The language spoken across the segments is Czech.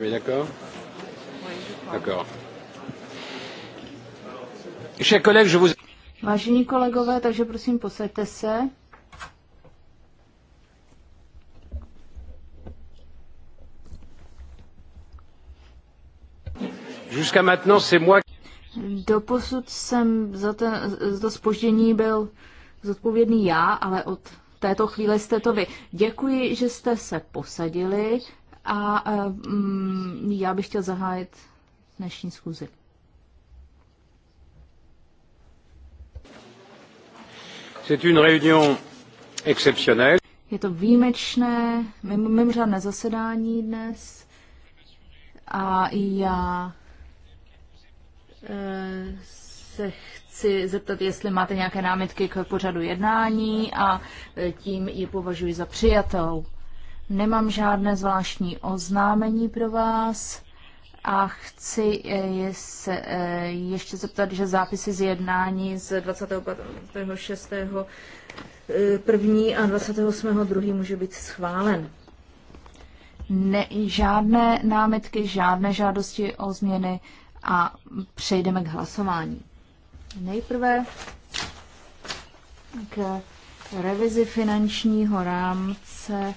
Vous êtes d'accord D'accord. Chers collègues, je vous... Vážení kolegové, takže prosím posaďte se. Jusqu'à maintenant, c'est moi... Doposud jsem za, ten, za spoždění byl zodpovědný já, ale od této chvíle jste to vy. Děkuji, že jste se posadili. A um, já bych chtěl zahájit dnešní schůzi. Je to výjimečné, mimořádné zasedání dnes a já eh, se chci zeptat, jestli máte nějaké námitky k pořadu jednání a eh, tím ji považuji za přijatou. Nemám žádné zvláštní oznámení pro vás a chci eh, se eh, ještě zeptat, že zápisy z jednání z 26. Eh, první a 28. druhý může být schválen. Ne, žádné námitky, žádné žádosti o změny a přejdeme k hlasování. Nejprve k revizi finančního rámce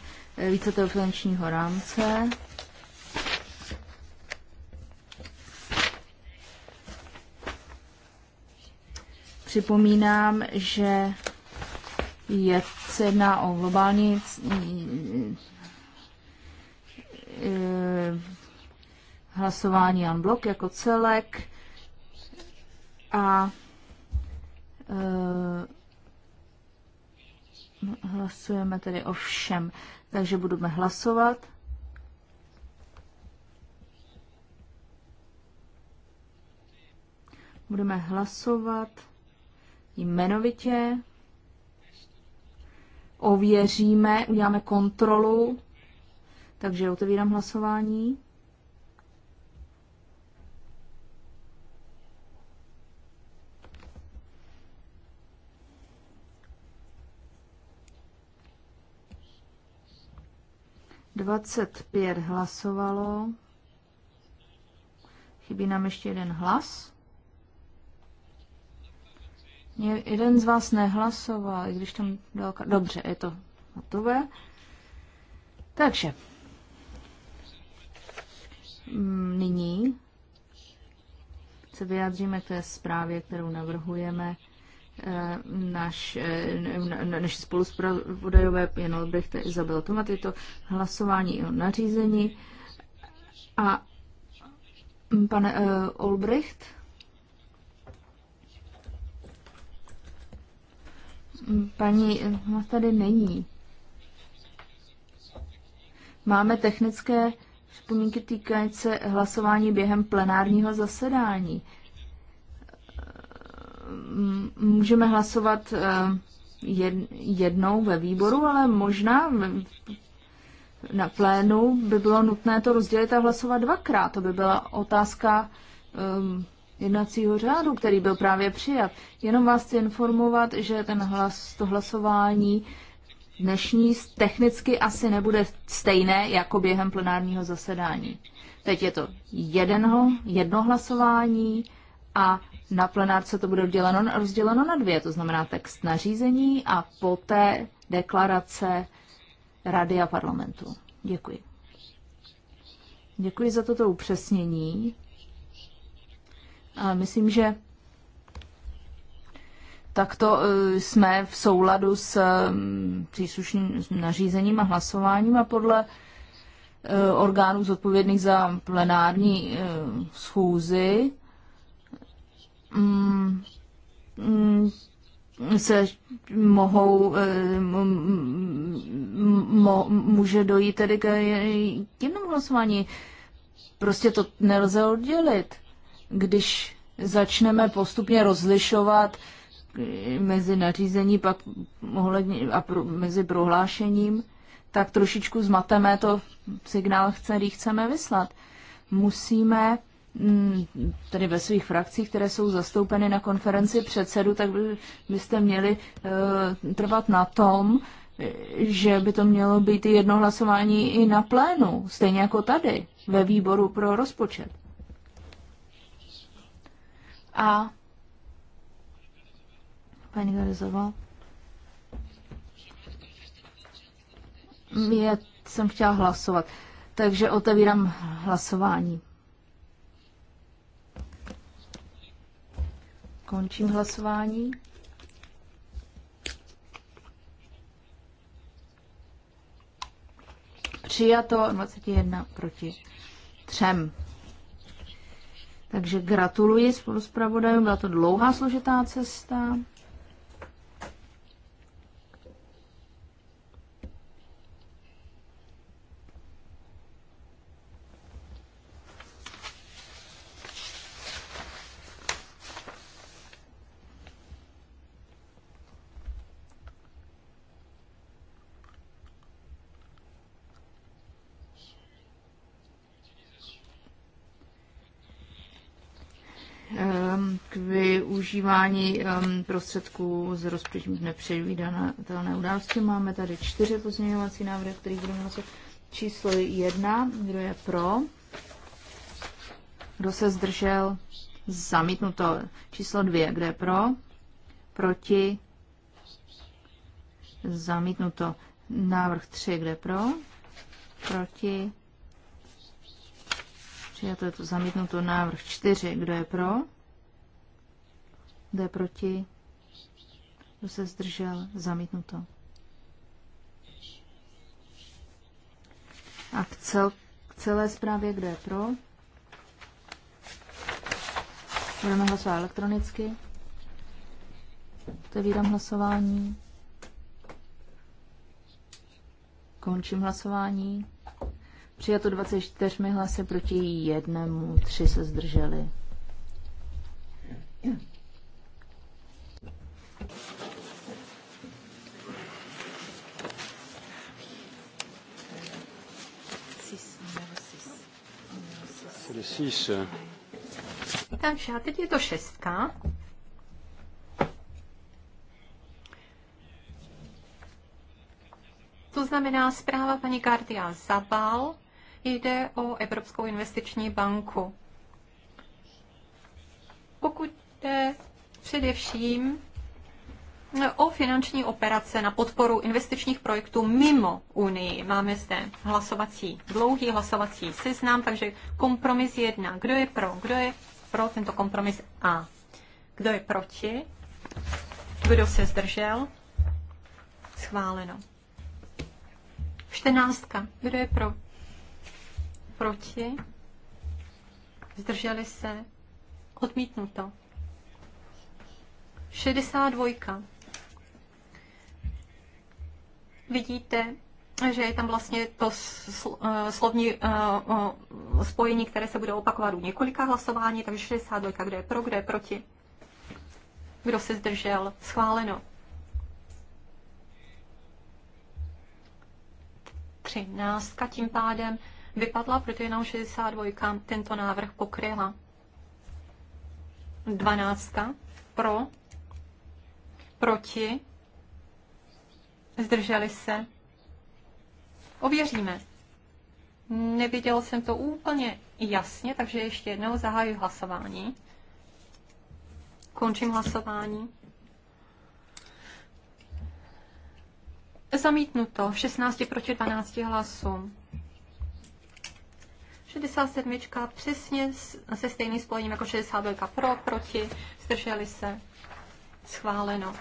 toho finančního rámce. Připomínám, že je, se jedná o globální eh, hlasování unblock jako celek a eh, Hlasujeme tedy o všem. Takže budeme hlasovat. Budeme hlasovat jmenovitě. Ověříme, uděláme kontrolu. Takže otevírám hlasování. 25 hlasovalo. Chybí nám ještě jeden hlas. Jeden z vás nehlasoval, i když tam dal... Dobře, je to hotové. Takže. Mm, nyní se vyjádříme k té zprávě, kterou navrhujeme naš, eh, naši spoluspravodajové Jan Albrecht a Izabel Tomat, je to hlasování o nařízení. A mm, pane uh, eh, Olbrecht? Mm, paní má eh, tady není. Máme technické připomínky týkající hlasování během plenárního zasedání. Uh, můžeme hlasovat eh, jednou ve výboru, ale možná na plénu by bylo nutné to rozdělit a hlasovat dvakrát. To by byla otázka ehm, jednacího řádu, který byl právě přijat. Jenom vás chci informovat, že ten hlas, to hlasování dnešní technicky asi nebude stejné jako během plenárního zasedání. Teď je to jedno, jedno hlasování a na plenárce to bude rozděleno, rozděleno na dvě, to znamená text nařízení a poté deklarace Rady a parlamentu. Děkuji. Děkuji za toto upřesnění. A myslím, že takto e, jsme v souladu s e, příslušným nařízením a hlasováním a podle e, orgánů zodpovědných za plenární schůzi Mm, se mohou, eh, může dojít tedy eh, k jednomu hlasování. Prostě to nelze oddělit. Když začneme postupně rozlišovat eh, mezi nařízení pak ohledně, a pro, mezi prohlášením, tak trošičku zmateme to signál, který chceme vyslat. Musíme Mm, tedy ve svých frakcích, které jsou zastoupeny na konferenci předsedu, tak by, byste měli uh, trvat na tom, že by to mělo být jedno hlasování i na plénu, stejně jako tady, ve výboru pro rozpočet. A paní Garizová, já jsem chtěla hlasovat, takže otevírám hlasování. Končím hlasování. Přijato 21 proti třem. Takže gratuluji spolu s pravodajem. byla to dlouhá složitá cesta. využívání um, prostředků z rozpočtu nepředvídatelné události. Máme tady čtyři pozměňovací návrhy, které budeme hlasovat. Číslo jedna, kdo je pro, kdo se zdržel, zamítnuto. Číslo dvě, kdo je pro, proti, zamítnuto. Návrh tři, kde pro, proti, přijato je to zamítnuto. Návrh čtyři, kdo je pro, kdo je proti? Kdo se zdržel? Zamítnuto. A k, cel, k celé zprávě, kde je pro? Budeme hlasovat elektronicky. Otevírám hlasování. Končím hlasování. Přijato 24 hlasy proti jednému, tři se zdrželi. Takže a teď je to šestka. To znamená zpráva paní Gardia Zabal, jde o Evropskou investiční banku. Pokud jde především o finanční operace na podporu investičních projektů mimo Unii. Máme zde hlasovací, dlouhý hlasovací seznam, takže kompromis jedna. Kdo je pro? Kdo je pro tento kompromis A? Kdo je proti? Kdo se zdržel? Schváleno. Čtenáctka. Kdo je pro? Proti? Zdrželi se? Odmítnuto. 62 vidíte, že je tam vlastně to eh, slovní eh, eh, spojení, které se bude opakovat u několika hlasování, takže 62, kdo je pro, kdo je proti, kdo se zdržel, schváleno. 13 tím pádem vypadla, protože jenom 62 tento návrh pokryla. 12 pro, proti, Zdrželi se? Ověříme. Neviděl jsem to úplně jasně, takže ještě jednou zahájím hlasování. Končím hlasování. Zamítnuto 16 proti 12 hlasům. 67. přesně se stejným spojením jako 62 pro, proti, zdrželi se, schváleno.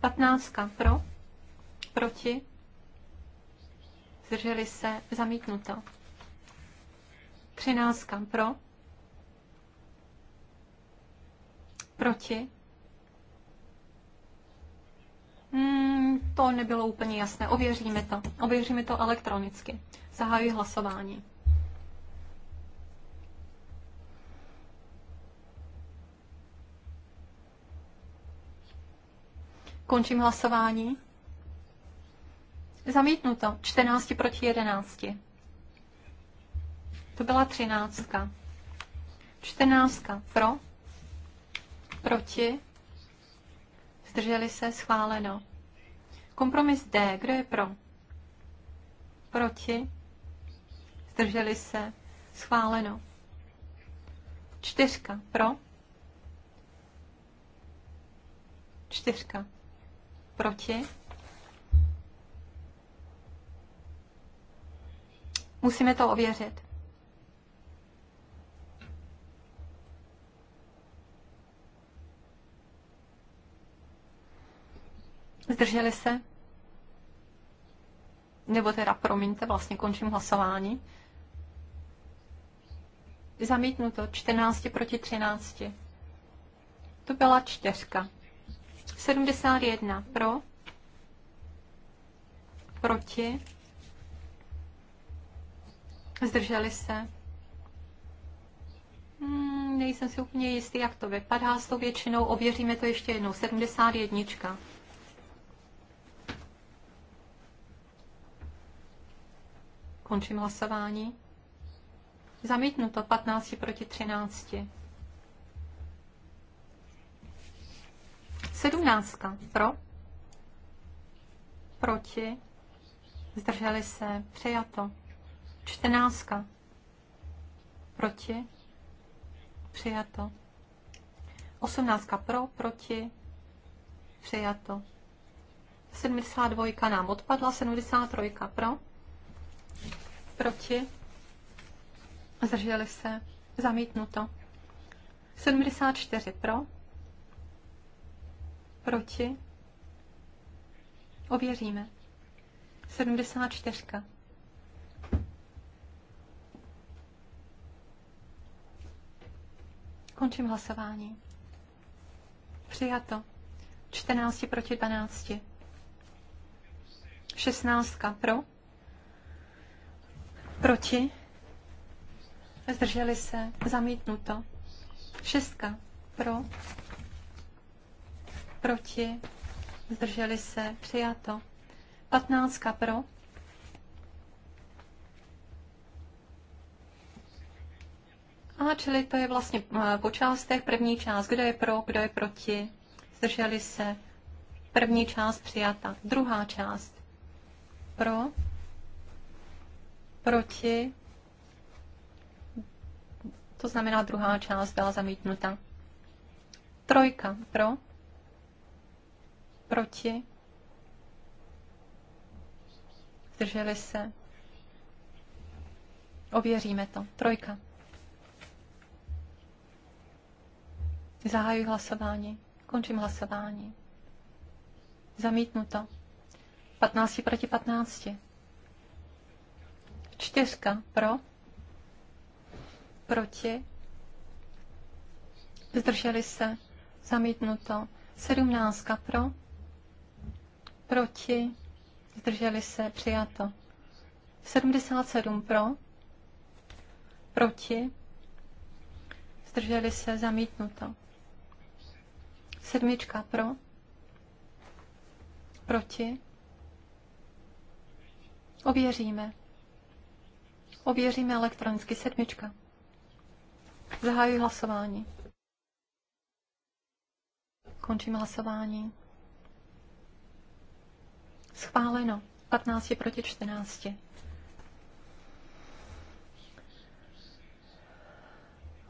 15 pro, proti, zdrželi se, zamítnuto. 13 pro, proti. Hmm, to nebylo úplně jasné. Ověříme to. Ověříme to elektronicky. Zahajuji hlasování. Končím hlasování. Zamítnuto. 14 proti 11. To byla 13. 14 pro, proti, zdrželi se, schváleno. Kompromis D, kdo je pro? Proti, zdrželi se, schváleno. Čtyřka pro, čtyřka Proti? Musíme to ověřit. Zdrželi se? Nebo teda, promiňte, vlastně končím hlasování. Zamítnuto 14 proti 13. To byla čtyřka. 71 pro, proti, zdrželi se. Hmm, nejsem si úplně jistý, jak to vypadá s tou většinou. Ověříme to ještě jednou. 71. Končím hlasování. Zamítnuto 15 proti 13. Sedmnáctka. Pro? Proti? Zdrželi se? Přijato. Čtrnáctka. Proti? Přijato. Osmnáctka pro, proti? Přijato. 72 nám odpadla, 73 pro, proti, zdrželi se, zamítnuto. 74 pro, Proti? Ověříme. 74. Končím hlasování. Přijato. 14 proti 12. 16 pro. Proti. Zdrželi se. Zamítnuto. 6 pro proti, zdrželi se, přijato. 15 pro, A čili to je vlastně eh, po částech první část, kdo je pro, kdo je proti, zdrželi se, první část přijata, druhá část pro, proti, to znamená druhá část byla zamítnuta. Trojka pro, Proti? Zdrželi se? Ověříme to. Trojka. Zahajuji hlasování. Končím hlasování. Zamítnuto. 15 proti 15. Čtyřka pro. Proti. Zdrželi se. Zamítnuto. 17 pro proti, zdrželi se, přijato. 77 pro, proti, zdrželi se, zamítnuto. Sedmička pro, proti, ověříme. Ověříme elektronicky sedmička. Zahájuji hlasování. Končím hlasování. Schváleno. 15 proti 14.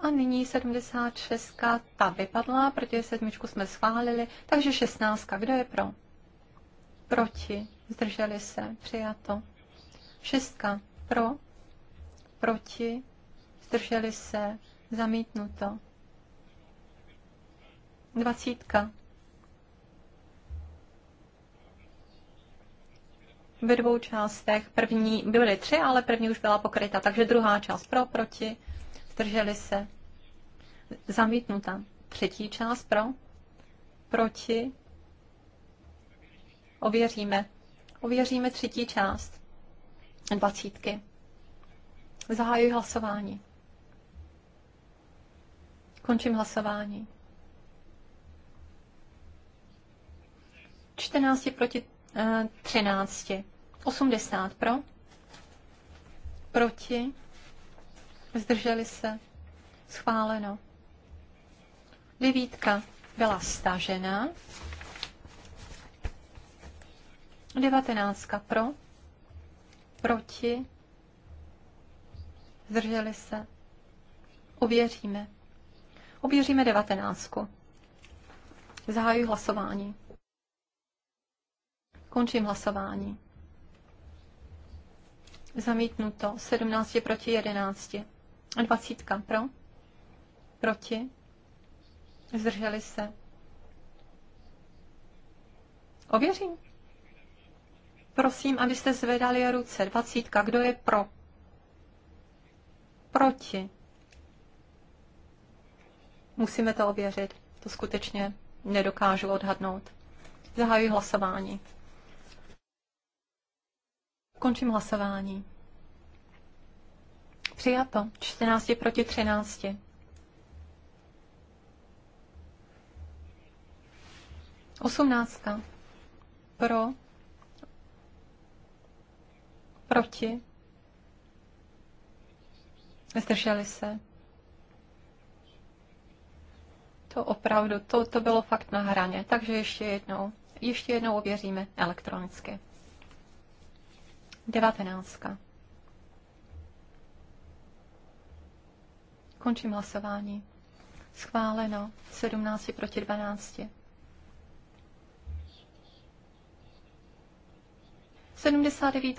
A nyní 76. Ta vypadla, protože sedmičku jsme schválili. Takže 16. Kdo je pro? Proti. Zdrželi se. Přijato. 6. Pro. Proti. Zdrželi se. Zamítnuto. 20. ve dvou částech. První byly tři, ale první už byla pokryta, takže druhá část pro, proti, zdrželi se, zamítnuta. Třetí část pro, proti, ověříme. Ověříme třetí část dvacítky. Zahajuji hlasování. Končím hlasování. 14 proti 13. Eh, 80 pro, proti, zdrželi se, schváleno. Devítka byla stažena. Devatenáctka pro, proti, zdrželi se. Uvěříme, uvěříme devatenáctku. Zahajuji hlasování. Končím hlasování. Zamítnuto. 17 proti 11. 20 pro. Proti. Zdrželi se. Ověřím. Prosím, abyste zvedali ruce. 20. Kdo je pro? Proti. Musíme to ověřit. To skutečně nedokážu odhadnout. Zahajuji hlasování. Končím hlasování. Přijato. 14 proti 13. Osmnáctka. Pro. Proti. Zdrželi se. To opravdu, to, to bylo fakt na hraně. Takže ještě jednou, ještě jednou ověříme elektronicky. 19. Končím hlasování. Schváleno 17 proti 12. 79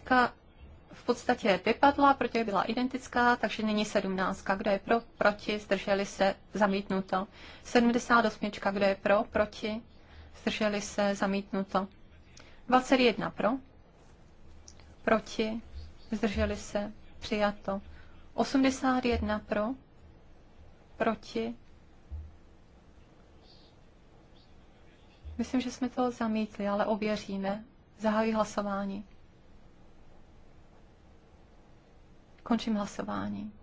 v podstatě vypadla, protože byla identická, takže nyní 17. Kdo je pro, proti, zdrželi se, zamítnuto. 78. Kdo je pro, proti, zdrželi se, zamítnuto. 21 pro, proti, zdrželi se, přijato. 81 pro, proti. Myslím, že jsme to zamítli, ale ověříme. Zahajuji hlasování. Končím hlasování.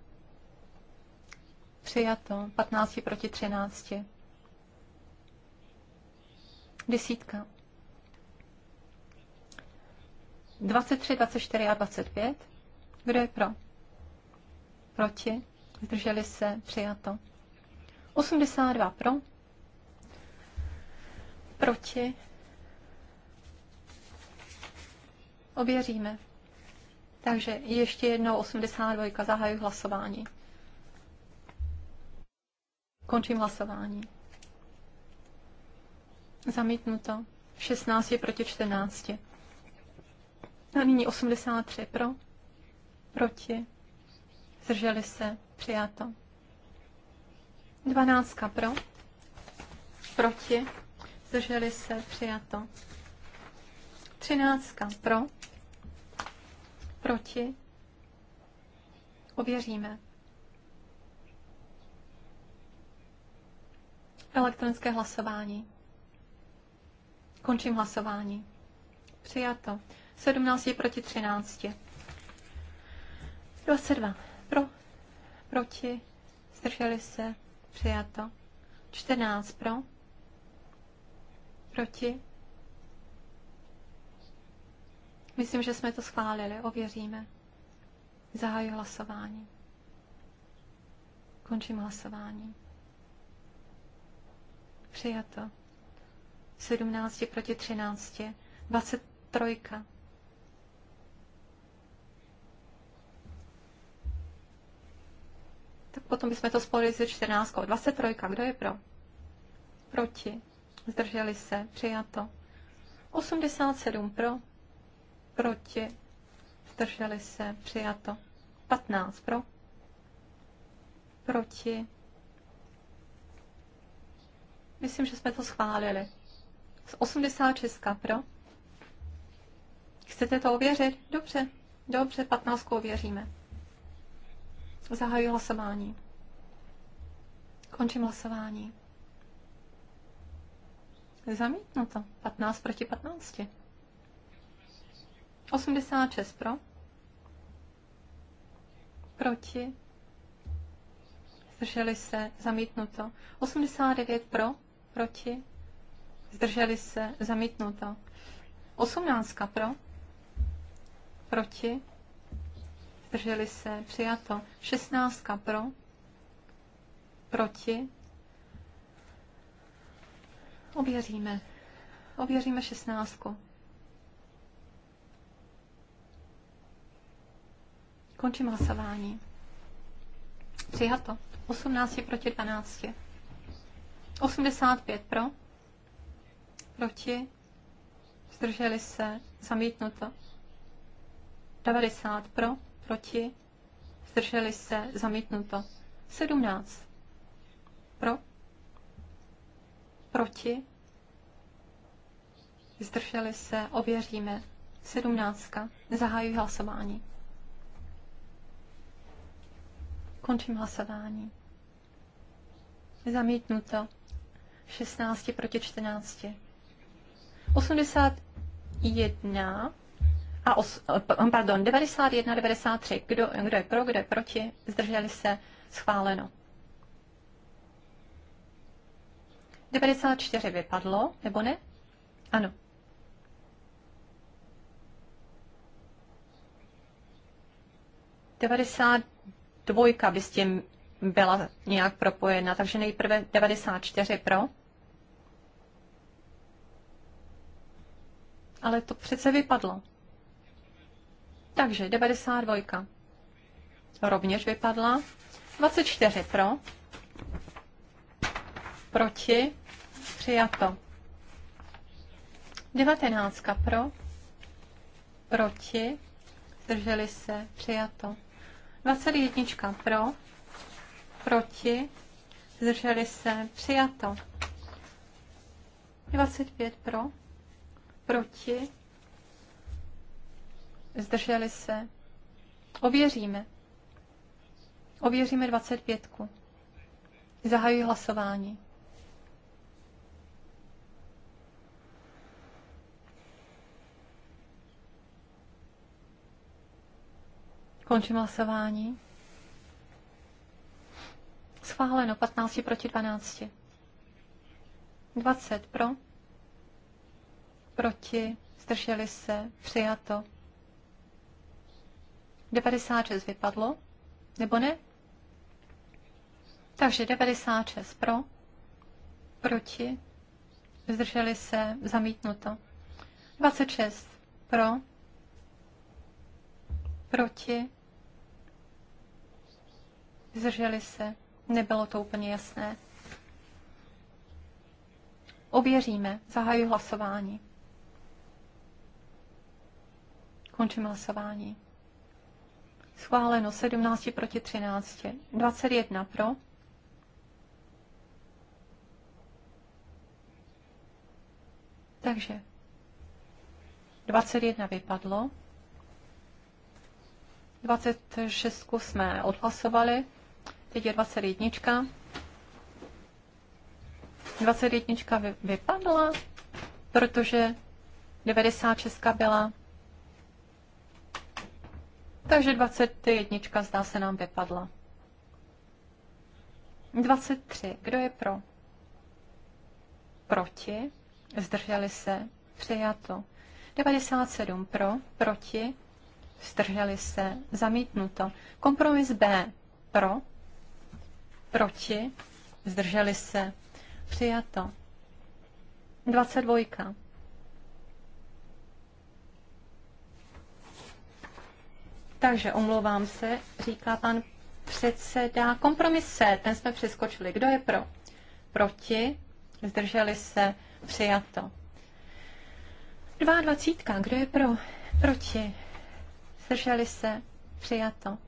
Přijato 15 proti 13. Desítka. 23, 24 a 25. Kdo je pro? Proti? Zdrželi se? Přijato. 82 pro? Proti? Ověříme. Takže ještě jednou 82. zahaju hlasování. Končím hlasování. Zamítnuto. 16 proti 14. A nyní 83 pro, proti, zdrželi se, přijato. 12 pro, proti, zdrželi se, přijato. 13 pro, proti, ověříme. Elektronické hlasování. Končím hlasování. Přijato. 17 proti 13. 22 pro, proti, zdrželi se, přijato. 14 pro, proti. Myslím, že jsme to schválili, ověříme. Zahajuji hlasování. Končím hlasování. Přijato. 17 proti 13. 23. Potom bychom to spojili se 14. 23. Kdo je pro? Proti. Zdrželi se. Přijato. 87 pro. Proti. Zdrželi se. Přijato. 15 pro. Proti. Myslím, že jsme to schválili. 86 pro. Chcete to ověřit? Dobře. Dobře, 15 ověříme. Zahajuji hlasování. Končím hlasování. Zamítnuto. 15 proti 15. 86 pro. Proti. Zdrželi se. Zamítnuto. 89 pro. Proti. Zdrželi se. Zamítnuto. 18 pro. Proti zdrželi se, přijato. 16 pro, proti, ověříme. Ověříme 16. Končím hlasování. Přijato. 18 proti 12. 85 pro. Proti. Zdrželi se. Zamítnuto. 90 pro proti, zdrželi se, zamítnuto. 17. Pro, proti, zdrželi se, ověříme. 17. Zahajuji hlasování. Končím hlasování. Zamítnuto. 16 proti 14. 81 a os, eh, pardon, 91, 93. Kdo, kdo je pro, kdo je proti? Zdrželi se? Schváleno. 94 vypadlo, nebo ne? Ano. Devadesát dvojka by s tím byla nějak propojena, takže nejprve 94 pro. Ale to přece vypadlo. Takže 92. Rovněž vypadla. 24 pro. Proti. Přijato. 19 pro. Proti. Zdrželi se. Přijato. 21 pro. Proti. Zdrželi se. Přijato. 25 pro. Proti zdrželi se. Ověříme. Ověříme 25. Zahajuji hlasování. Končím hlasování. Schváleno 15 proti 12. 20 pro, proti, zdrželi se, přijato. 96 vypadlo, nebo ne? Takže 96 pro, proti, zdrželi se, zamítnuto. 26 pro, proti, zdrželi se, nebylo to úplně jasné. Ověříme, zahajuji hlasování. Končím hlasování. Schváleno 17 proti 13. 21 pro. Takže 21 vypadlo. 26 jsme odhlasovali. Teď je 21. 21 vypadla, protože 96 byla takže 21 zdá se nám vypadla. 23. Kdo je pro? Proti? Zdrželi se? Přijato. 97. Pro? Proti? Zdrželi se? Zamítnuto. Kompromis B. Pro? Proti? Zdrželi se? Přijato. 22. Takže omlouvám se, říká pan předseda. Kompromise, ten jsme přeskočili. Kdo je pro? Proti? Zdrželi se? Přijato. 22. Kdo je pro? Proti? Zdrželi se? Přijato.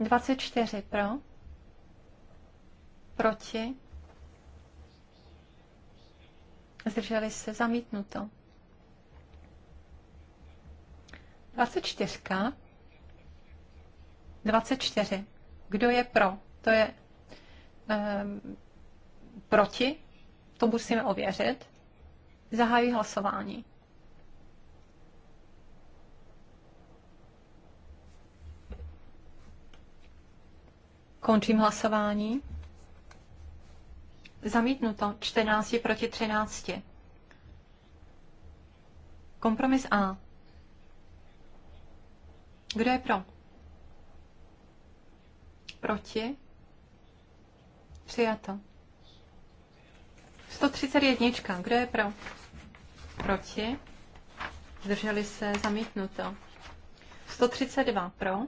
24 pro? Proti? Zdrželi se? Zamítnuto. 24. 24. Kdo je pro? To je um, proti? To musíme ověřit. Zahájí hlasování. Končím hlasování. Zamítnuto 14 proti 13. Kompromis A. Kdo je pro? Proti? Přijato. 131. Kdo je pro? Proti? Zdrželi se zamítnuto. 132 pro,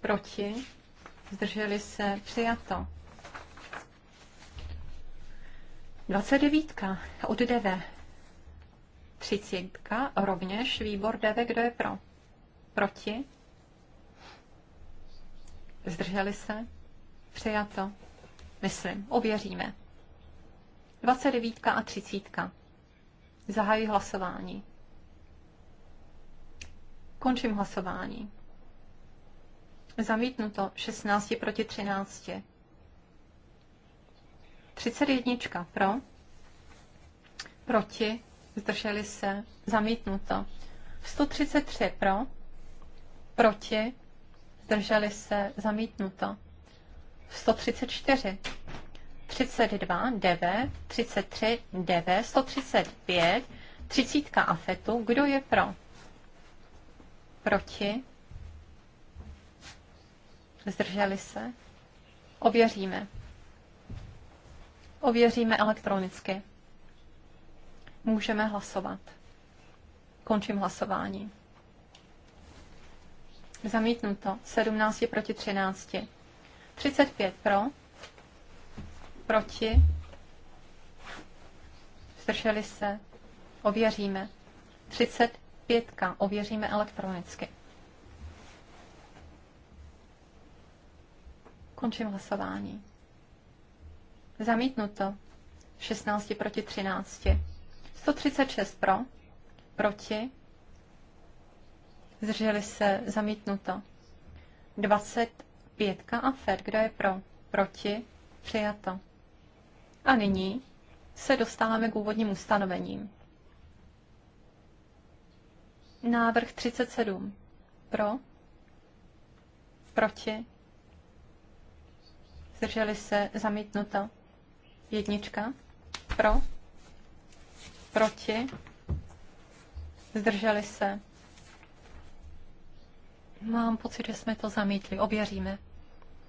proti, zdrželi se přijato. 29 od DV. 30 rovněž výbor DV, kdo je pro? Proti? Zdrželi se? Přijato. Myslím, ověříme. 29 a 30. Zahajuji hlasování. Končím hlasování. Zamítnuto 16 proti 13. 31 pro, proti, zdrželi se, zamítnuto. 133 pro, proti, zdrželi se, zamítnuto. 134, 32, 9, 33, 9, 135, 30 afetu, kdo je pro? Proti, zdrželi se, ověříme. Ověříme elektronicky. Můžeme hlasovat. Končím hlasování. Zamítnuto. 17 proti 13. 35 pro. Proti. Zdrželi se. Ověříme. 35. Ověříme elektronicky. Končím hlasování. Zamítnuto. 16 proti 13. 136 pro. Proti zdrželi se, zamítnuto. 25 a Fer, kdo je pro, proti, přijato. A nyní se dostáváme k úvodním ustanovením. Návrh 37. Pro? Proti? Zdrželi se zamítnuto. Jednička. Pro? Proti? Zdrželi se Mám pocit, že jsme to zamítli. Ověříme.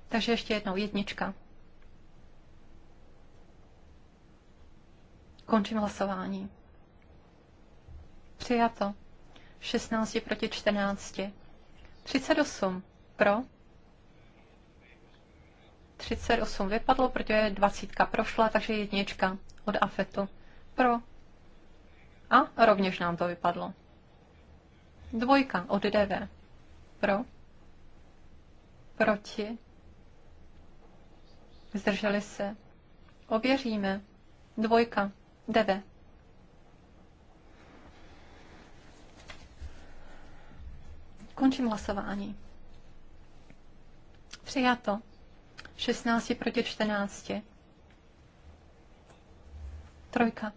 Takže ještě jednou. Jednička. Končím hlasování. Přijato. 16 proti 14. 38 pro. 38 vypadlo, protože 20 prošla, takže jednička od afetu. Pro. A rovněž nám to vypadlo. Dvojka od DV. Pro? Proti? Zdrželi se. Ověříme. Dvojka. Deve. Končím hlasování. Přijato. 16 proti 14. Trojka.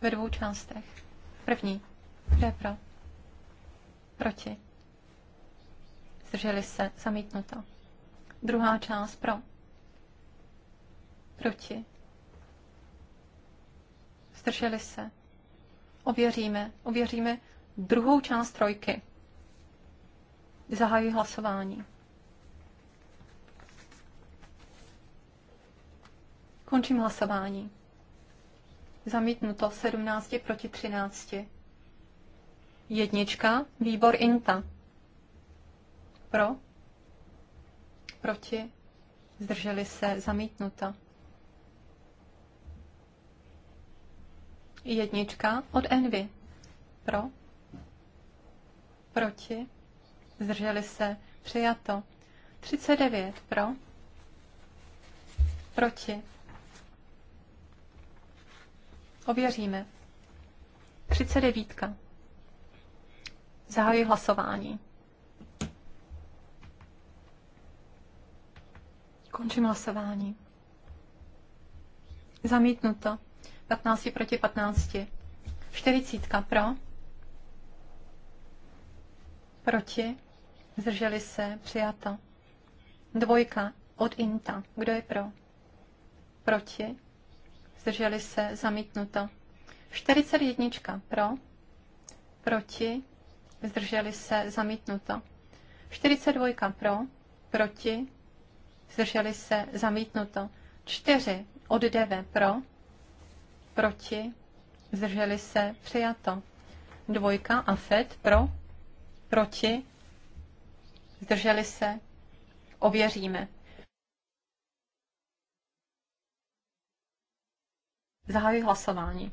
Ve dvou částech. První. Kde je pro? Proti zdrželi se, zamítnuto. Druhá část pro, proti, zdrželi se. Ověříme, ověříme druhou část trojky. Zahajuji hlasování. Končím hlasování. Zamítnuto 17 proti 13. Jednička, výbor INTA. Pro? Proti? Zdrželi se? zamítnuta. Jednička od Envy. Pro? Proti? Zdrželi se? Přijato. 39 pro? Proti? Ověříme. 39. Zahajuji hlasování. Končím hlasování. Zamítnuto. 15 proti 15. 40 pro. Proti. Zdrželi se. Přijato. Dvojka od INTA. Kdo je pro? Proti. Zdrželi se. Zamítnuto. 41 pro. Proti. Zdrželi se. Zamítnuto. 42 pro. Proti zdrželi se, zamítnuto. čtyři od deve pro, proti, zdrželi se, přijato. Dvojka a FED pro, proti, zdrželi se, ověříme. Zahajuji hlasování.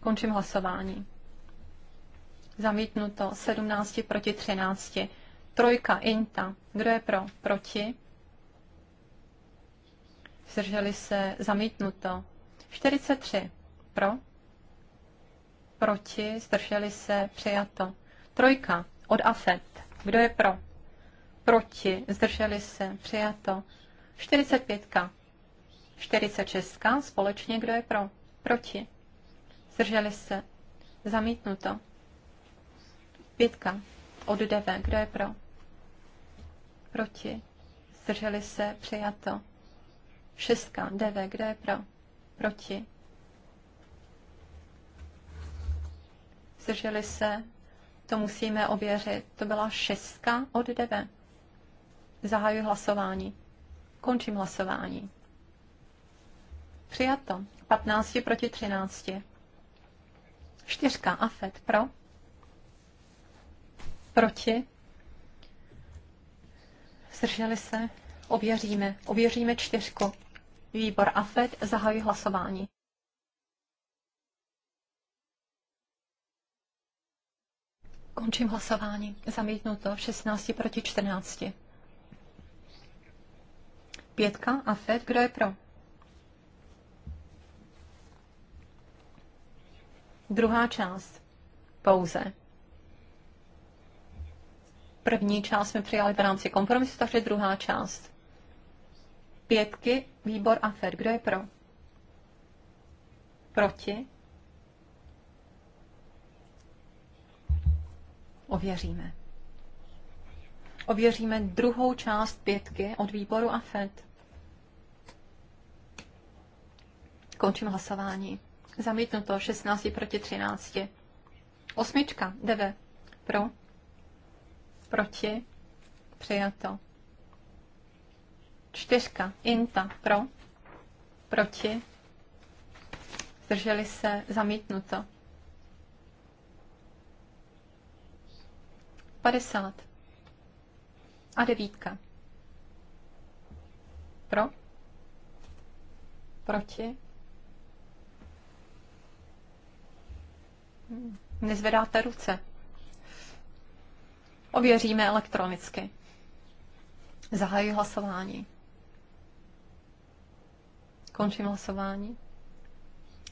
Končím hlasování. Zamítnuto 17 proti 13. Trojka Inta. Kdo je pro? Proti zdrželi se, zamítnuto. 43 pro, proti, zdrželi se, přijato. Trojka od AFET. Kdo je pro? Proti, zdrželi se, přijato. 45. 46. Společně, kdo je pro? Proti. Zdrželi se. Zamítnuto. Pětka. Od deve. Kdo je pro? Proti. Zdrželi se. Přijato. Šestka, DV, kde je pro? Proti. Zdrželi se, to musíme ověřit. To byla šestka od DV. Zahajuji hlasování. Končím hlasování. Přijato. 15 proti 13. Čtyřka, AFET, pro? Proti? Zdrželi se? Ověříme. Ověříme čtyřku výbor AFED, zahajuji hlasování. Končím hlasování. Zamítnuto 16 proti 14. Pětka a FED, kdo je pro? Druhá část. Pouze. První část jsme přijali v rámci kompromisu, takže druhá část pětky, výbor fed. Kdo je pro? Proti? Ověříme. Ověříme druhou část pětky od výboru FED. Končím hlasování. Zamítnuto 16 proti 13. Osmička, DV. Pro. Proti. Přijato. Čtyřka. Inta. Pro. Proti. Zdrželi se. Zamítnuto. 50. A devítka. Pro. Proti. Nezvedáte ruce. Ověříme elektronicky. Zahajuji hlasování. Končím hlasování.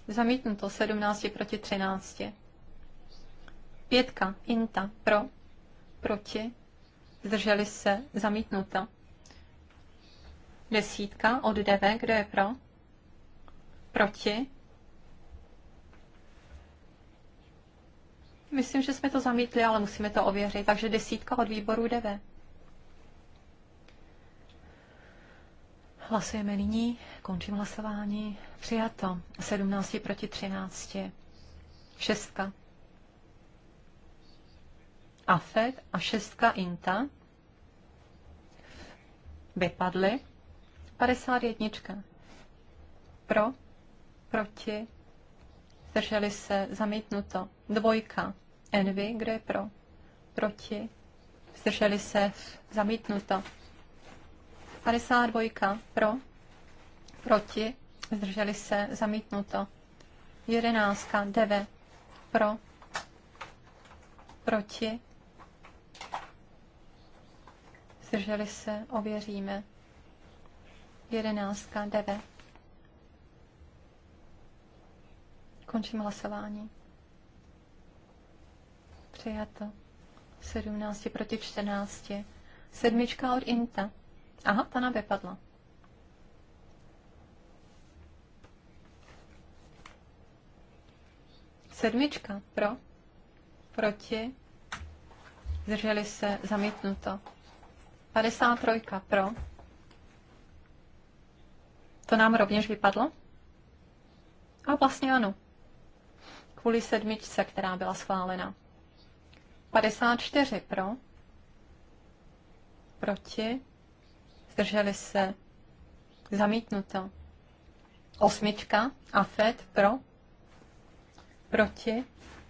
Zamítnuto 17 proti 13. Pětka, inta, pro, proti, zdrželi se, zamítnuto. Desítka od deve, kdo je pro? Proti. Myslím, že jsme to zamítli, ale musíme to ověřit. Takže desítka od výboru deve. Hlasujeme nyní. Končím hlasování. Přijato. 17 proti 13. Šestka. Afet a šestka INTA vypadly. 51. Pro, proti, zdrželi se, zamítnuto. Dvojka. Envy, kdo je pro? Proti, zdrželi se, zamítnuto. 52. Pro, proti, zdrželi se, zamítnuto. Jedenáctka, deve, pro, proti, zdrželi se, ověříme. Jedenáctka, deve. Končím hlasování. Přijato. 17 proti 14. Sedmička od Inta. Aha, ta nám vypadla. Sedmička pro, proti, zdrželi se, zamítnuto. 53 pro. To nám rovněž vypadlo? A vlastně ano. Kvůli sedmičce, která byla schválena. 54 pro. Proti. Zdrželi se. Zamítnuto. Osmička. afet pro proti,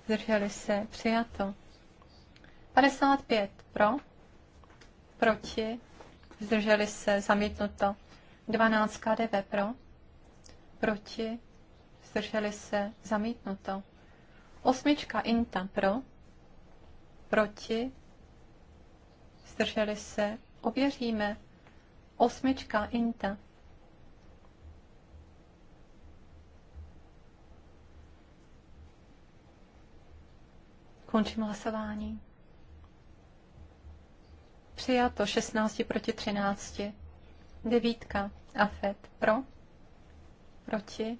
zdrželi se, přijato. 55 pro, proti, zdrželi se, zamítnuto. 12 KDV pro, proti, zdrželi se, zamítnuto. Osmička INTA pro, proti, zdrželi se, ověříme. Osmička INTA Končím hlasování. Přijato 16 proti 13. Devítka. Afet. Pro. Proti.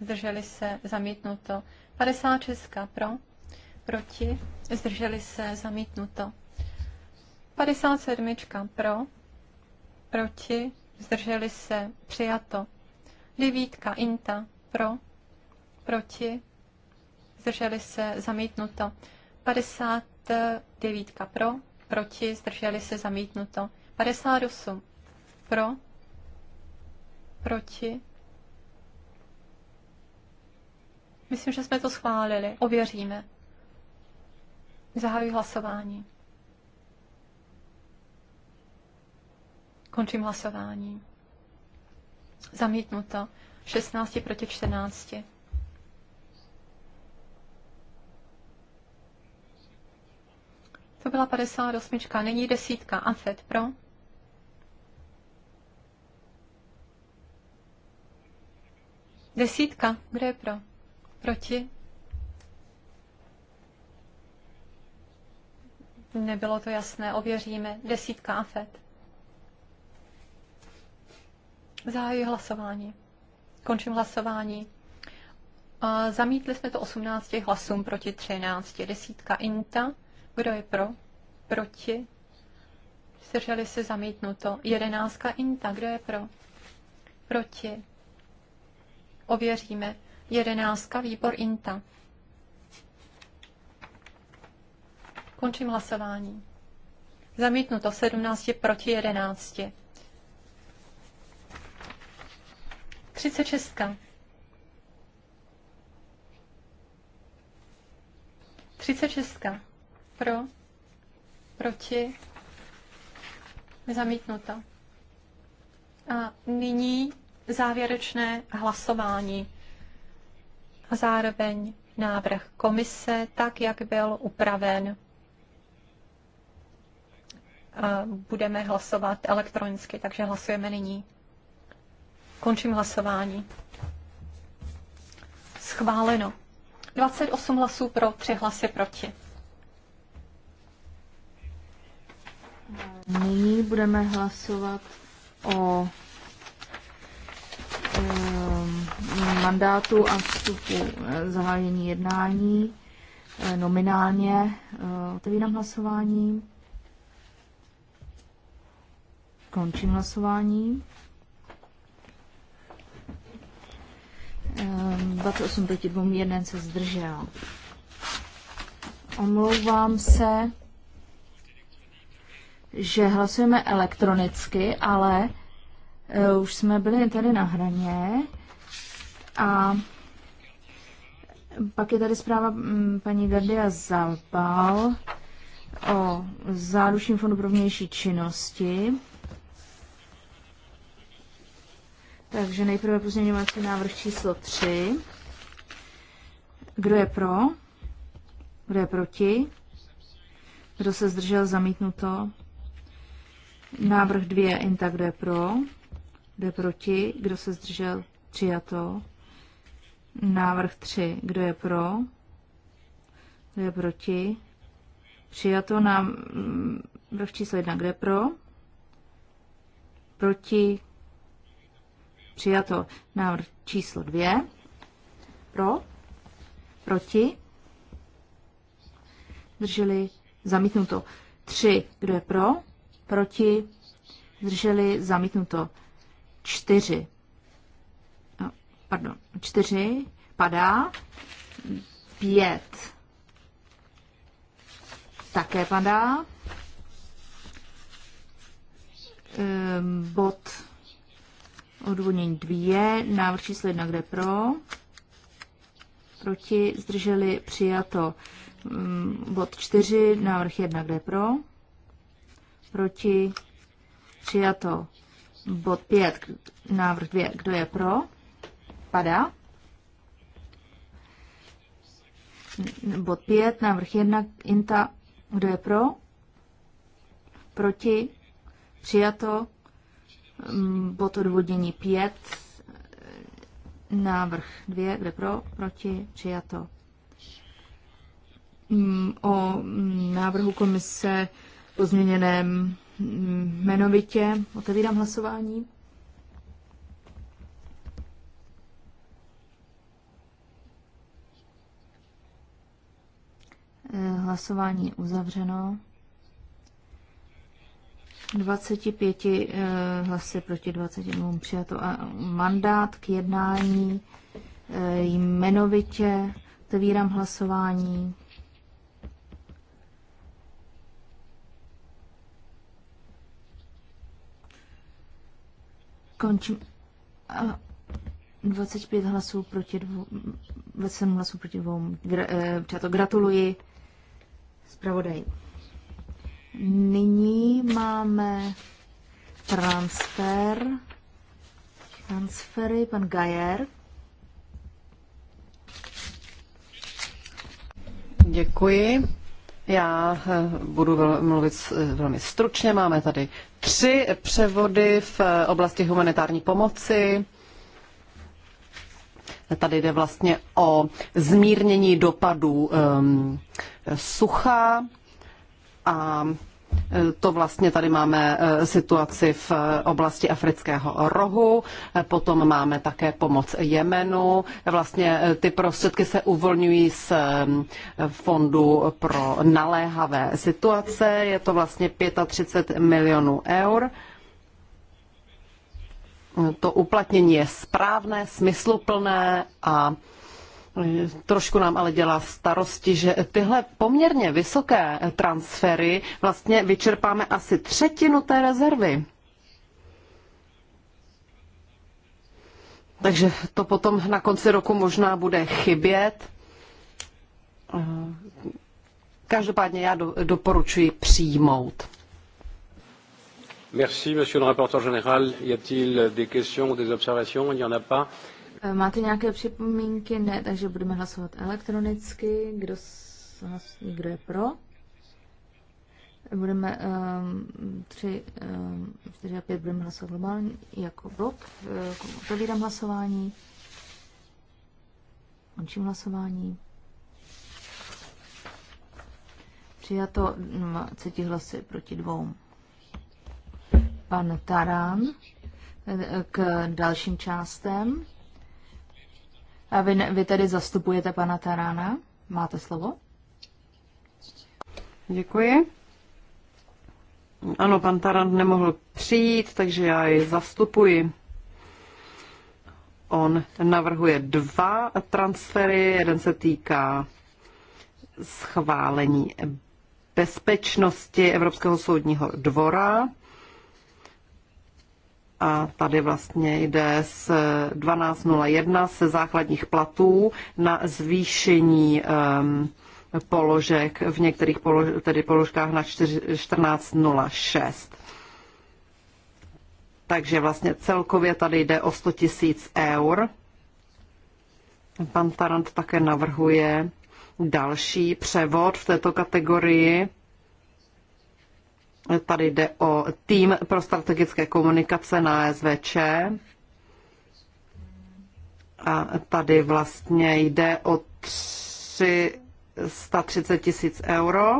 Zdrželi se. Zamítnuto. 56. Pro. Proti. Zdrželi se. Zamítnuto. 57. Pro. Proti. Zdrželi se. Přijato. Devítka. Inta. Pro. Proti. Zdrželi se. Zamítnuto. 59 pro, proti, zdrželi se zamítnuto. 58 pro, proti. Myslím, že jsme to schválili. Ověříme. Zahajuji hlasování. Končím hlasování. Zamítnuto. 16 proti 14. To byla 58. Není desítka. Afet pro. Desítka. Kdo je pro? Proti? Nebylo to jasné. Ověříme. Desítka Afet. Zahajuji hlasování. Končím hlasování. Zamítli jsme to 18 hlasům proti 13. Desítka Inta. Kdo je pro? Proti? Zdrželi se zamítnuto. Jedenáctka Inta. Kdo je pro? Proti? Ověříme. Jedenáctka výbor Inta. Končím hlasování. Zamítnuto 17 proti 11. 36. 36. Pro? Proti? Zamítnuto. A nyní závěrečné hlasování a zároveň návrh komise, tak jak byl upraven. A budeme hlasovat elektronicky, takže hlasujeme nyní. Končím hlasování. Schváleno. 28 hlasů pro, 3 hlasy proti. Nyní budeme hlasovat o eh, mandátu a vstupu eh, zahájení jednání eh, nominálně. Otevírám hlasování. Končím hlasování. 28 proti 2, 1 se zdržel. Omlouvám se že hlasujeme elektronicky, ale uh, už jsme byli tady na hraně a pak je tady zpráva mm, paní Gardia Zalpal o záručním fondu pro vnější činnosti. Takže nejprve pozměňovací návrh číslo 3. Kdo je pro? Kdo je proti? Kdo se zdržel zamítnuto? Návrh 2, Inta, kdo je pro, kdo je proti, kdo se zdržel, přijato. Návrh 3, kdo je pro, kdo je proti, přijato. Návrh číslo 1, kde je pro, proti, přijato. Návrh číslo 2, pro, proti, drželi zamítnuto. 3, kdo je pro, proti, zdrželi, zamítnuto. čtyři no, Pardon, čtyři padá, pět také padá, ehm, bod odvodnění dvě, návrh číslo jedna, kde pro, proti, zdrželi, přijato, ehm, bod čtyři, návrh jedna, kde pro, proti, přijato. Bod 5, návrh 2, kdo je pro, padá. Bod 5, návrh 1, INTA, kdo je pro, proti, přijato. Bod odvodnění 5, návrh 2, kde pro, proti, přijato. O návrhu komise pozměněném jmenovitě. Otevírám hlasování. Eh, hlasování je uzavřeno. 25 eh, hlasy proti 21 přijato a mandát k jednání eh, jmenovitě otevírám hlasování. skončil. A 25 hlasů proti dvou, 27 hlasů proti dvou. Gra, eh, to gratuluji zpravodaji. Nyní máme transfer. Transfery, pan Gajer. Děkuji. Já eh, budu mluvit eh, velmi stručně. Máme tady tři převody v eh, oblasti humanitární pomoci. Tady jde vlastně o zmírnění dopadů um, sucha a to vlastně tady máme eh, situaci v eh, oblasti afrického rohu, potom máme také pomoc Jemenu. Vlastně eh, ty prostředky se uvolňují z fondu pro naléhavé situace, je to vlastně 35 milionů eur. To uplatnění je správné, smysluplné a Trošku nám ale dělá starosti, že tyhle poměrně vysoké transfery vlastně vyčerpáme asi třetinu té rezervy. Takže to potom na konci roku možná bude chybět. Každopádně já doporučuji přijmout. Merci, monsieur le rapporteur général. Y a-t-il des questions ou des observations Il n'y en a pas. Eh, máte nějaké připomínky? Ne, takže budeme hlasovat elektronicky. Kdo, kdo je pro? Budeme um, tři, um, a pět budeme hlasovat globálně jako blok. Eh, otevírám hlasování. Končím hlasování. Přijato 20 hlasy proti dvou. Pan Taran eh, k dalším částem. A vy, vy tedy zastupujete pana Tarána? Máte slovo? Děkuji. Ano, pan Tarán nemohl přijít, takže já ji zastupuji. On navrhuje dva transfery. Jeden se týká schválení bezpečnosti Evropského soudního dvora a tady vlastně jde z 12.01 se základních platů na zvýšení um, položek v některých polož, tedy položkách na 14.06. Takže vlastně celkově tady jde o 100 tisíc eur. Pan Tarant také navrhuje další převod v této kategorii Tady jde o tým pro strategické komunikace na SVČ. A tady vlastně jde o 330 tisíc euro.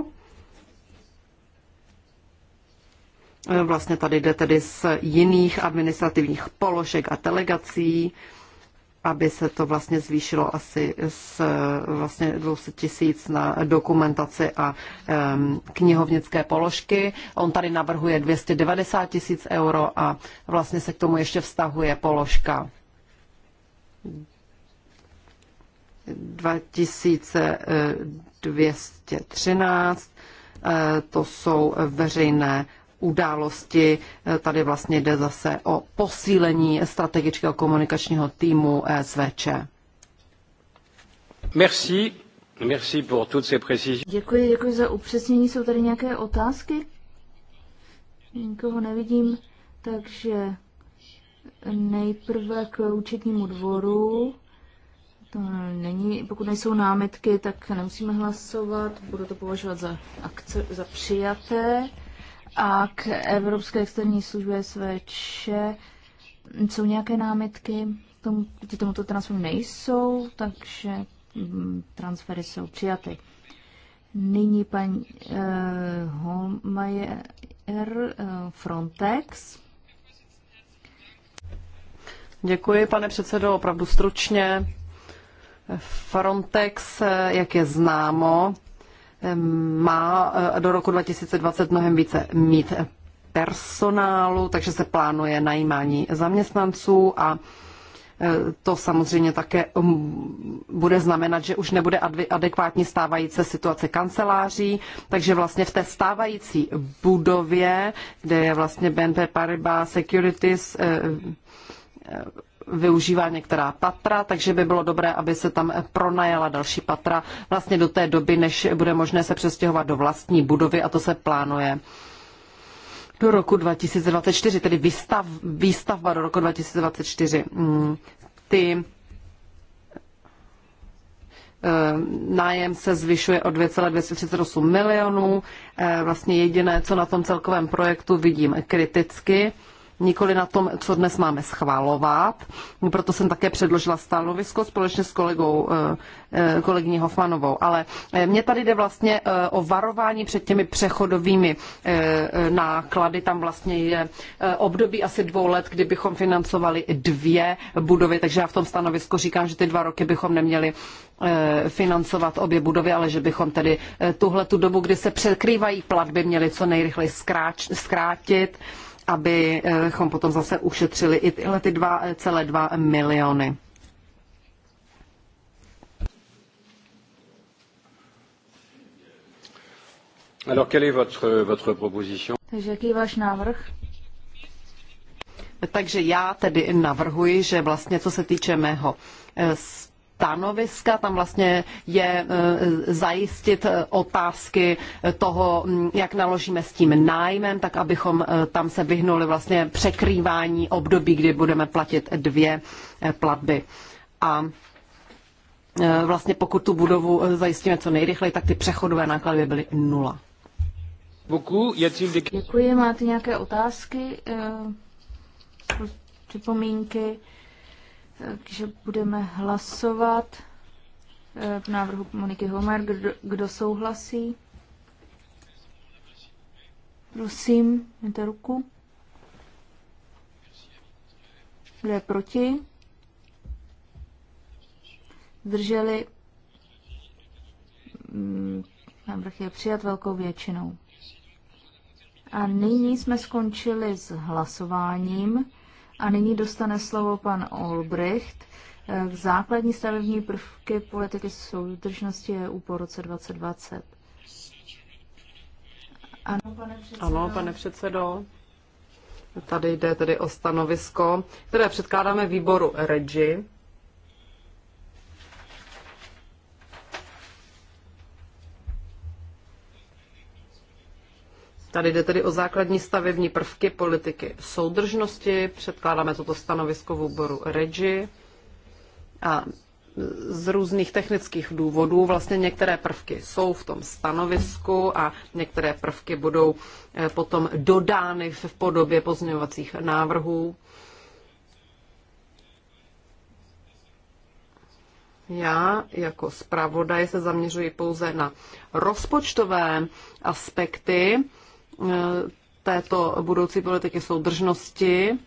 Vlastně tady jde tedy z jiných administrativních položek a delegací aby se to vlastně zvýšilo asi z vlastně 200 tisíc na dokumentaci a um, knihovnické položky. On tady navrhuje 290 tisíc euro a vlastně se k tomu ještě vztahuje položka 2213. Eh, eh, to jsou veřejné události. Eh, tady vlastně jde zase o posílení strategického komunikačního týmu SVČ. Merci. Merci pour toutes ces précisions. Děkuji, děkuji za upřesnění. Jsou tady nějaké otázky? Nikoho nevidím, takže nejprve k účetnímu dvoru. To není, pokud nejsou námitky, tak nemusíme hlasovat. Budu to považovat za akce, za přijaté a k Evropské externí službě SVČ. Jsou nějaké námitky? Tomu, k tomuto transferu nejsou, takže mm, transfery jsou přijaty. Nyní paní uh, eh, Holmajer uh, eh, Frontex. Děkuji, pane předsedo, opravdu stručně. Frontex, eh, jak je známo, má eh, do roku 2020 mnohem více mít personálu, takže se plánuje najímání zaměstnanců a eh, to samozřejmě také mm, bude znamenat, že už nebude adekvátní stávající situace kanceláří, takže vlastně v té stávající budově, kde je vlastně BNP Paribas Securities, eh, využívá některá patra, takže by bylo dobré, aby se tam pronajala další patra vlastně do té doby, než bude možné se přestěhovat do vlastní budovy a to se plánuje do roku 2024, tedy výstav, výstavba do roku 2024. Mm, ty eh, nájem se zvyšuje o 2,238 milionů. Eh, vlastně jediné, co na tom celkovém projektu vidím kriticky, nikoli na tom, co dnes máme schvalovat. Proto jsem také předložila stanovisko společně s kolegou, eh, eh, kolegyní Hofmanovou. Ale eh, mě tady jde vlastně o varování před těmi přechodovými náklady. Tam vlastně je období asi dvou let, kdybychom financovali dvě budovy, takže já v tom stanovisku říkám, že ty dva roky bychom neměli financovat obě budovy, ale že bychom tedy tuhle tu dobu, kdy se překrývají platby, měli co nejrychleji zkrátit abychom potom zase ušetřili i tyhle ty 2,2 eh, miliony. Alors, quelle est votre, votre proposition? Takže jaký je váš návrh? Takže já tedy navrhuji, že vlastně co se týče mého eh, stanoviska. Tam vlastně je e, zajistit e, otázky toho, jak naložíme s tím nájmem, tak abychom e, tam se vyhnuli vlastně překrývání období, kdy budeme platit dvě platby. A vlastně pokud tu budovu zajistíme co nejrychleji, tak ty přechodové náklady byly nula. Děkuji, máte nějaké otázky, připomínky? Takže budeme hlasovat eh, v návrhu Moniky Homer. Kdo, kdo souhlasí? Prosím, mějte ruku. Kdo je proti? Zdrželi? Mm, návrh je přijat velkou většinou. A nyní jsme skončili s hlasováním. A nyní dostane slovo pan Olbricht v eh, základní stavební prvky politiky soudržnosti EU po roce 2020. Ano, pane předsedo. Ano, pane předsedo. Tady jde tedy o stanovisko, které předkládáme výboru REGI Tady jde tedy o základní stavební prvky politiky soudržnosti. Předkládáme toto stanovisko v úboru REGI a z různých technických důvodů vlastně některé prvky jsou v tom stanovisku a některé prvky budou eh, potom dodány v podobě pozměňovacích návrhů. Já jako zpravodaj se zaměřuji pouze na rozpočtové aspekty této budoucí politiky soudržnosti.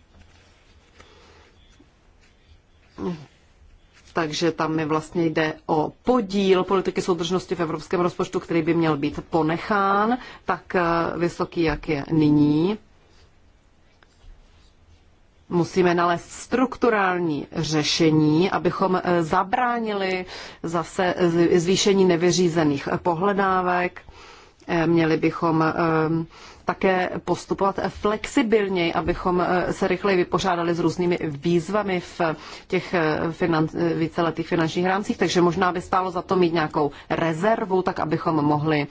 Takže tam mi vlastně jde o podíl politiky soudržnosti v evropském rozpočtu, který by měl být ponechán, tak eh, vysoký, jak je nyní. Musíme nalézt strukturální řešení, abychom eh, zabránili zase zvýšení nevyřízených pohledávek Měli bychom eh, také postupovat flexibilněji, abychom eh, se rychleji vypořádali s různými výzvami v těch eh, finan- víceletých finančních rámcích, takže možná by stálo za to mít nějakou rezervu, tak abychom mohli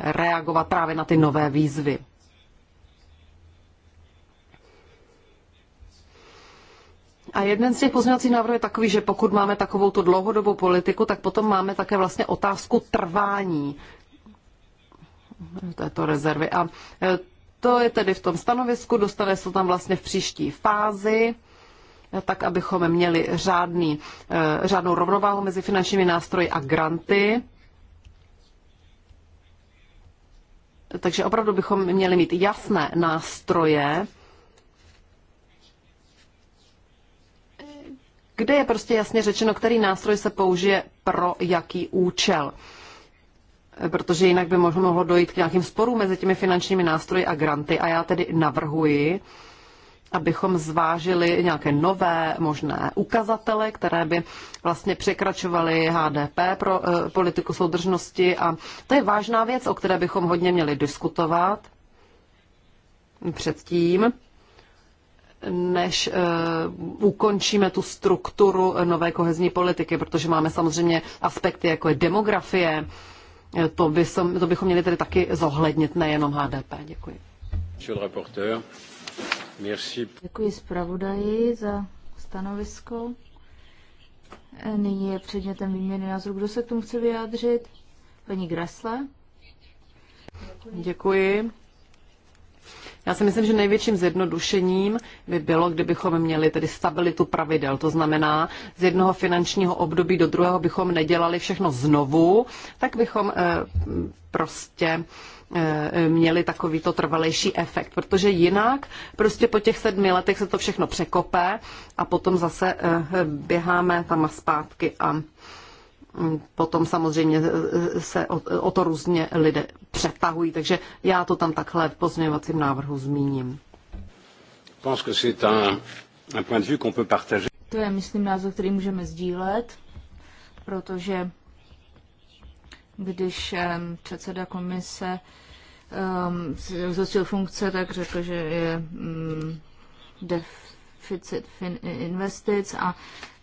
reagovat právě na ty nové výzvy. A jeden z těch pozměňovacích návrhů je takový, že pokud máme takovou tu dlouhodobou politiku, tak potom máme také vlastně otázku trvání této rezervy. A e, to je tedy v tom stanovisku, dostane se tam vlastně v příští fázi e, tak abychom měli řádný, e, řádnou rovnováhu mezi finančními nástroji a granty. Takže opravdu bychom měli mít jasné nástroje, kde je prostě jasně řečeno, který nástroj se použije pro jaký účel protože jinak by možno mohlo dojít k nějakým sporům mezi těmi finančními nástroji a granty. A já tedy navrhuji, abychom zvážili nějaké nové možné ukazatele, které by vlastně překračovaly HDP pro e, politiku soudržnosti. A to je vážná věc, o které bychom hodně měli diskutovat předtím, než e, ukončíme tu strukturu nové kohezní politiky, protože máme samozřejmě aspekty, jako je demografie, Eh, to, by som, to bychom měli tedy taky zohlednit, nejenom HDP. Děkuji. Děkuji zpravodaji za stanovisko. Eh, nyní je předmětem výměny názoru. Kdo se k tomu chce vyjádřit? Paní Grasle. Děkuji. Já si myslím, že největším zjednodušením by bylo, kdybychom měli tedy stabilitu pravidel. To znamená, z jednoho finančního období do druhého bychom nedělali všechno znovu, tak bychom eh, prostě eh, měli takovýto trvalejší efekt, protože jinak prostě po těch sedmi letech se to všechno překope a potom zase eh, běháme tam a zpátky a potom samozřejmě se o, o to různě lidé přetahují, takže já to tam takhle v pozměňovacím návrhu zmíním. To je, myslím, názor, který můžeme sdílet, protože když předseda komise um, zostil funkce, tak řekl, že je um, def, deficit investic a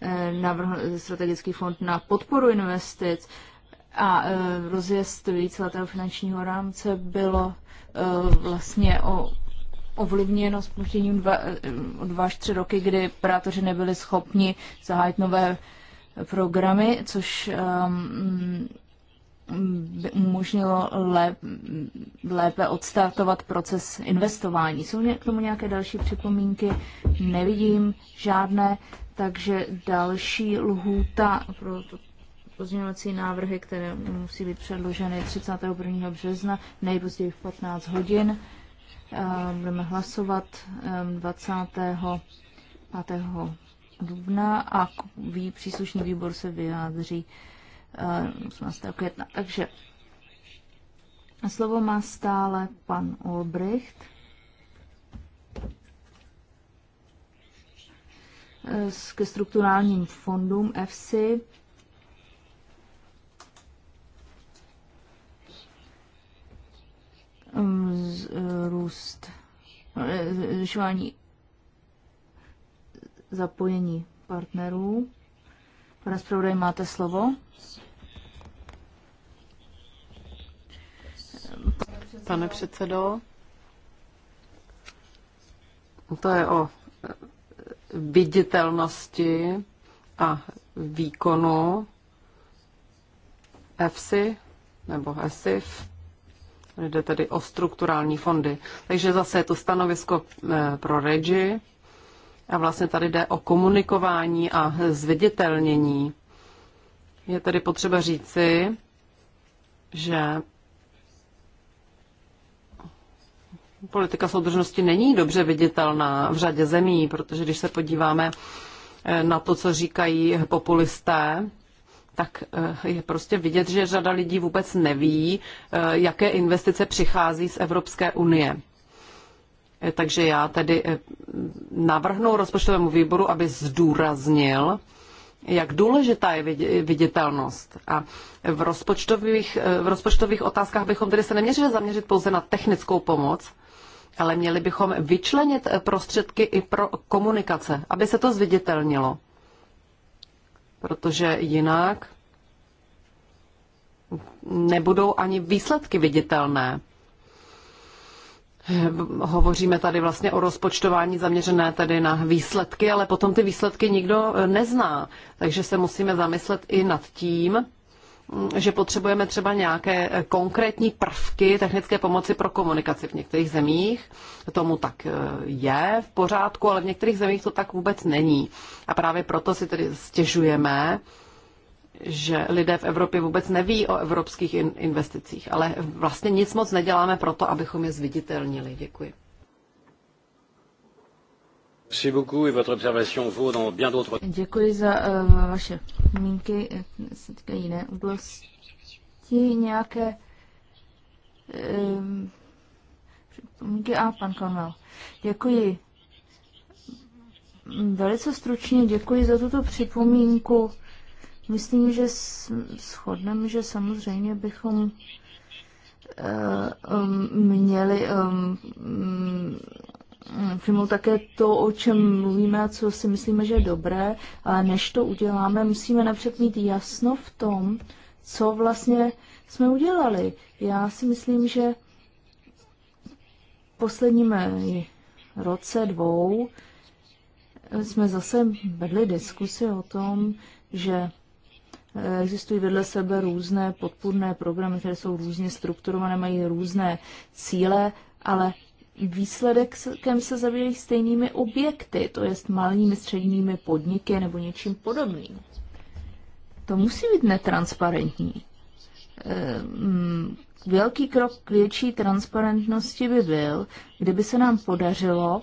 eh, navrhl strategický fond na podporu investic a eh, rozjezd víceletého finančního rámce bylo eh, vlastně o ovlivněno spuštěním dva, dva až tři roky, kdy operátoři nebyli schopni zahájit nové programy, což ehm, by umožnilo lépe odstartovat proces investování. Jsou k tomu nějaké další připomínky? Nevidím žádné, takže další lhůta pro pozměňovací návrhy, které musí být předloženy 31. března, nejpozději v 15 hodin. Ehm, budeme hlasovat 25. Ehm, dubna a příslušný výbor se vyjádří 18. května. Takže slovo má stále pan Olbricht. ke strukturálním fondům EFSI. Eh, růst, eh, zvyšování zapojení partnerů. Pane zpravodaj, máte slovo. Pane předsedo, to je o viditelnosti a výkonu EFSI nebo ESIF. Jde tedy o strukturální fondy. Takže zase je to stanovisko eh, pro REGI a vlastně tady jde o komunikování a zviditelnění. Je tedy potřeba říci, že politika soudržnosti není dobře viditelná v řadě zemí, protože když se podíváme eh, na to, co říkají populisté, tak eh, je prostě vidět, že řada lidí vůbec neví, eh, jaké investice přichází z Evropské unie. Takže já tedy navrhnu rozpočtovému výboru, aby zdůraznil, jak důležitá je viditelnost. A v rozpočtových, v rozpočtových otázkách bychom tedy se neměřili zaměřit pouze na technickou pomoc, ale měli bychom vyčlenit eh, prostředky i pro komunikace, aby se to zviditelnilo. Protože jinak nebudou ani výsledky viditelné. Hovoříme tady vlastně o rozpočtování zaměřené tedy na výsledky, ale potom ty výsledky nikdo eh, nezná. Takže se musíme zamyslet i nad tím, že potřebujeme třeba nějaké eh, konkrétní prvky technické pomoci pro komunikaci. V některých zemích tomu tak eh, je v pořádku, ale v některých zemích to tak vůbec není. A právě proto si tedy stěžujeme, že lidé v Evropě vůbec neví o evropských investicích, ale vlastně nic moc neděláme pro to, abychom je zviditelnili. Děkuji. Děkuji za uh, vaše mínky, eh, se týkají jiné oblasti, nějaké um, eh, mínky a pan Kamel. Děkuji. Velice stručně děkuji za tuto připomínku. Myslím, že shodneme, že samozřejmě bychom um, měli um, filmu také to, o čem mluvíme a co si myslíme, že je dobré, ale než to uděláme, musíme napřed mít jasno v tom, co vlastně jsme udělali. Já si myslím, že v posledním eh, roce, dvou, eh, jsme zase vedli diskusi o tom, že eh, existují vedle sebe různé podpůrné programy, které jsou různě strukturované, mají různé cíle, ale výsledkem se zabývají stejnými objekty, to jest malými středními podniky nebo něčím podobným. To musí být netransparentní. Eh, velký krok k větší transparentnosti by byl, kdyby se nám podařilo,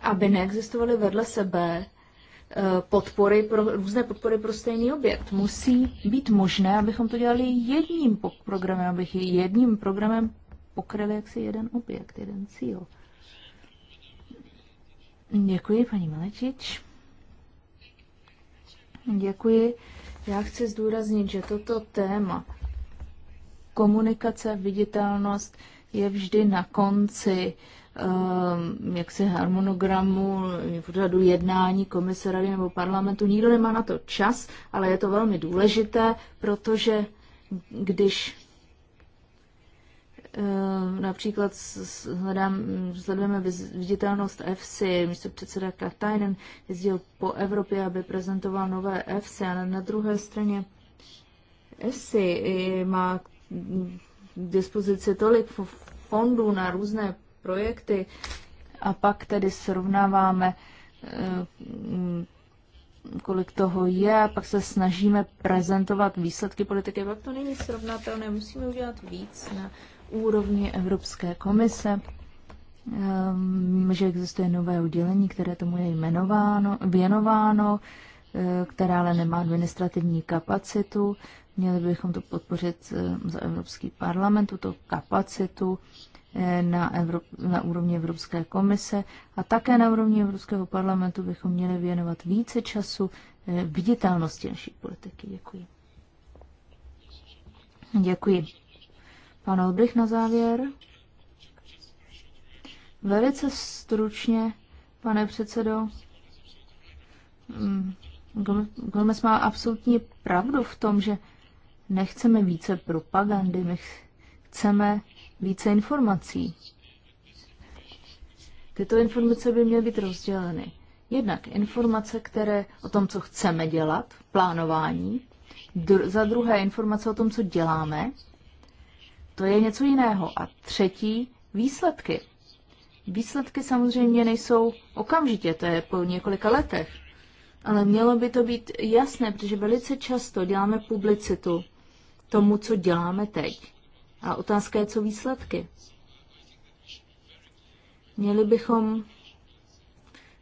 aby neexistovaly vedle sebe eh, podpory pro, různé podpory pro stejný objekt. Musí být možné, abychom to dělali jedním programem, abych jedním programem pokryli jaksi jeden objekt, jeden cíl. Děkuji, paní Malečič. Děkuji. Já chci zdůraznit, že toto téma komunikace, viditelnost je vždy na konci um, jaksi harmonogramu řadu jednání komise rady nebo parlamentu. Nikdo nemá na to čas, ale je to velmi důležité, protože když Eh, například hledám, sledujeme viditelnost EFSI, místo předseda Katajnen jezdil po Evropě, aby prezentoval nové EFSI, ale na druhé straně EFSI má k dispozici tolik fondů na různé projekty a pak tedy srovnáváme, eh, kolik toho je, a pak se snažíme prezentovat výsledky politiky, pak to není srovnatelné, musíme udělat víc na úrovni Evropské komise. Víme, ehm, že existuje nové oddělení, které tomu je jmenováno, věnováno, eh, které ale nemá administrativní kapacitu. Měli bychom to podpořit eh, za Evropský parlament, tuto kapacitu eh, na, Evrop, na úrovni Evropské komise a také na úrovni Evropského parlamentu bychom měli věnovat více času viditelnosti naší politiky. Děkuji. Děkuji. Pan Olbrich na závěr. Velice stručně, pane předsedo. Mm, Gomez má absolutní pravdu v tom, že nechceme více propagandy, my chceme více informací. Tyto informace by měly být rozděleny. Jednak informace, které o tom, co chceme dělat, plánování, za druhé informace o tom, co děláme, to je něco jiného. A třetí, výsledky. Výsledky samozřejmě nejsou okamžitě, to je po několika letech. Ale mělo by to být jasné, protože velice často děláme publicitu tomu, co děláme teď. A otázka je, co výsledky. Měli bychom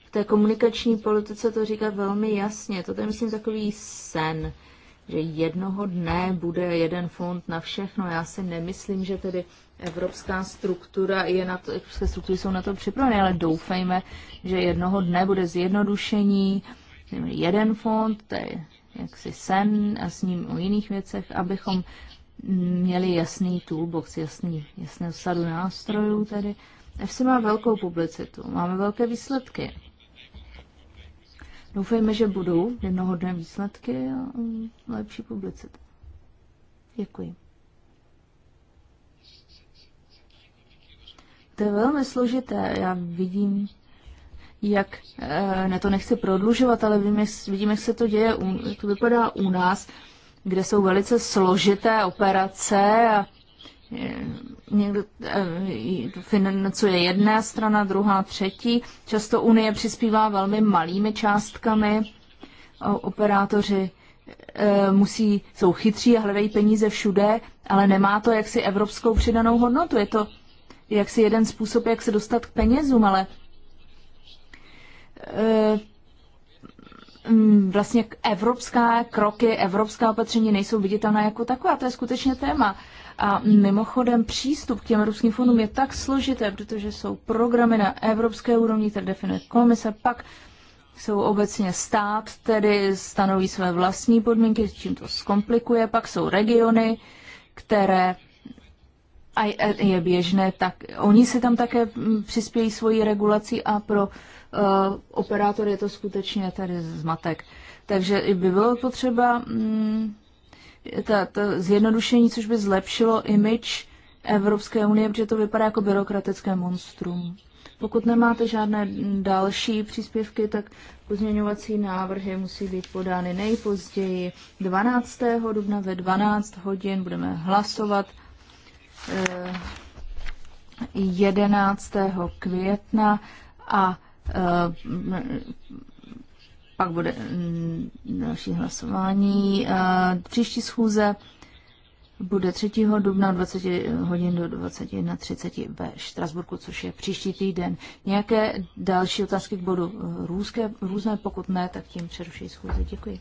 v té komunikační politice to říkat velmi jasně. To je, myslím, takový sen že jednoho dne bude jeden fond na všechno. Já si nemyslím, že tedy evropská struktura je na to, evropské struktury jsou na to připravené, ale doufejme, že jednoho dne bude zjednodušení, jeden fond, to je jaksi sen a s ním o jiných věcech, abychom měli jasný toolbox, jasný, jasnou sadu nástrojů tedy. FC má velkou publicitu, máme velké výsledky. Doufejme, že budou jednohodné výsledky a lepší publicita. Děkuji. To je velmi složité. Já vidím, jak, eh, ne to nechci prodlužovat, ale jak, vidím, jak se to děje, jak to vypadá u nás, kde jsou velice složité operace a Eh, někdo eh, financuje jedna strana, druhá, třetí. Často Unie přispívá velmi malými částkami. Operátoři eh, musí, jsou chytří a hledají peníze všude, ale nemá to jaksi evropskou přidanou hodnotu. Je to jaksi jeden způsob, jak se dostat k penězům, ale mm, vlastně evropská kroky, evropská opatření nejsou viditelná jako taková. To je skutečně téma. A mimochodem přístup k těm evropským fondům je tak složité, protože jsou programy na evropské úrovni, které definuje komise, pak jsou obecně stát, tedy stanoví své vlastní podmínky, čím to zkomplikuje, pak jsou regiony, které a je běžné, tak oni si tam také mm, přispějí svoji regulací a pro uh, eh, operátor je to skutečně tady zmatek. Takže by bylo potřeba um, ta, ta zjednodušení, což by zlepšilo image Evropské unie, protože to vypadá jako byrokratické monstrum. Pokud nemáte žádné další příspěvky, tak pozměňovací návrhy musí být podány nejpozději 12. dubna ve 12 hodin. Budeme hlasovat 11. Eh, května a eh, pak bude mm, další hlasování. Příští schůze bude 3. dubna 20 hodin do 21.30 ve Štrasburku, což je příští týden. Nějaké další otázky k bodu růzké, různé, pokud ne, tak tím přeruší schůze Děkuji.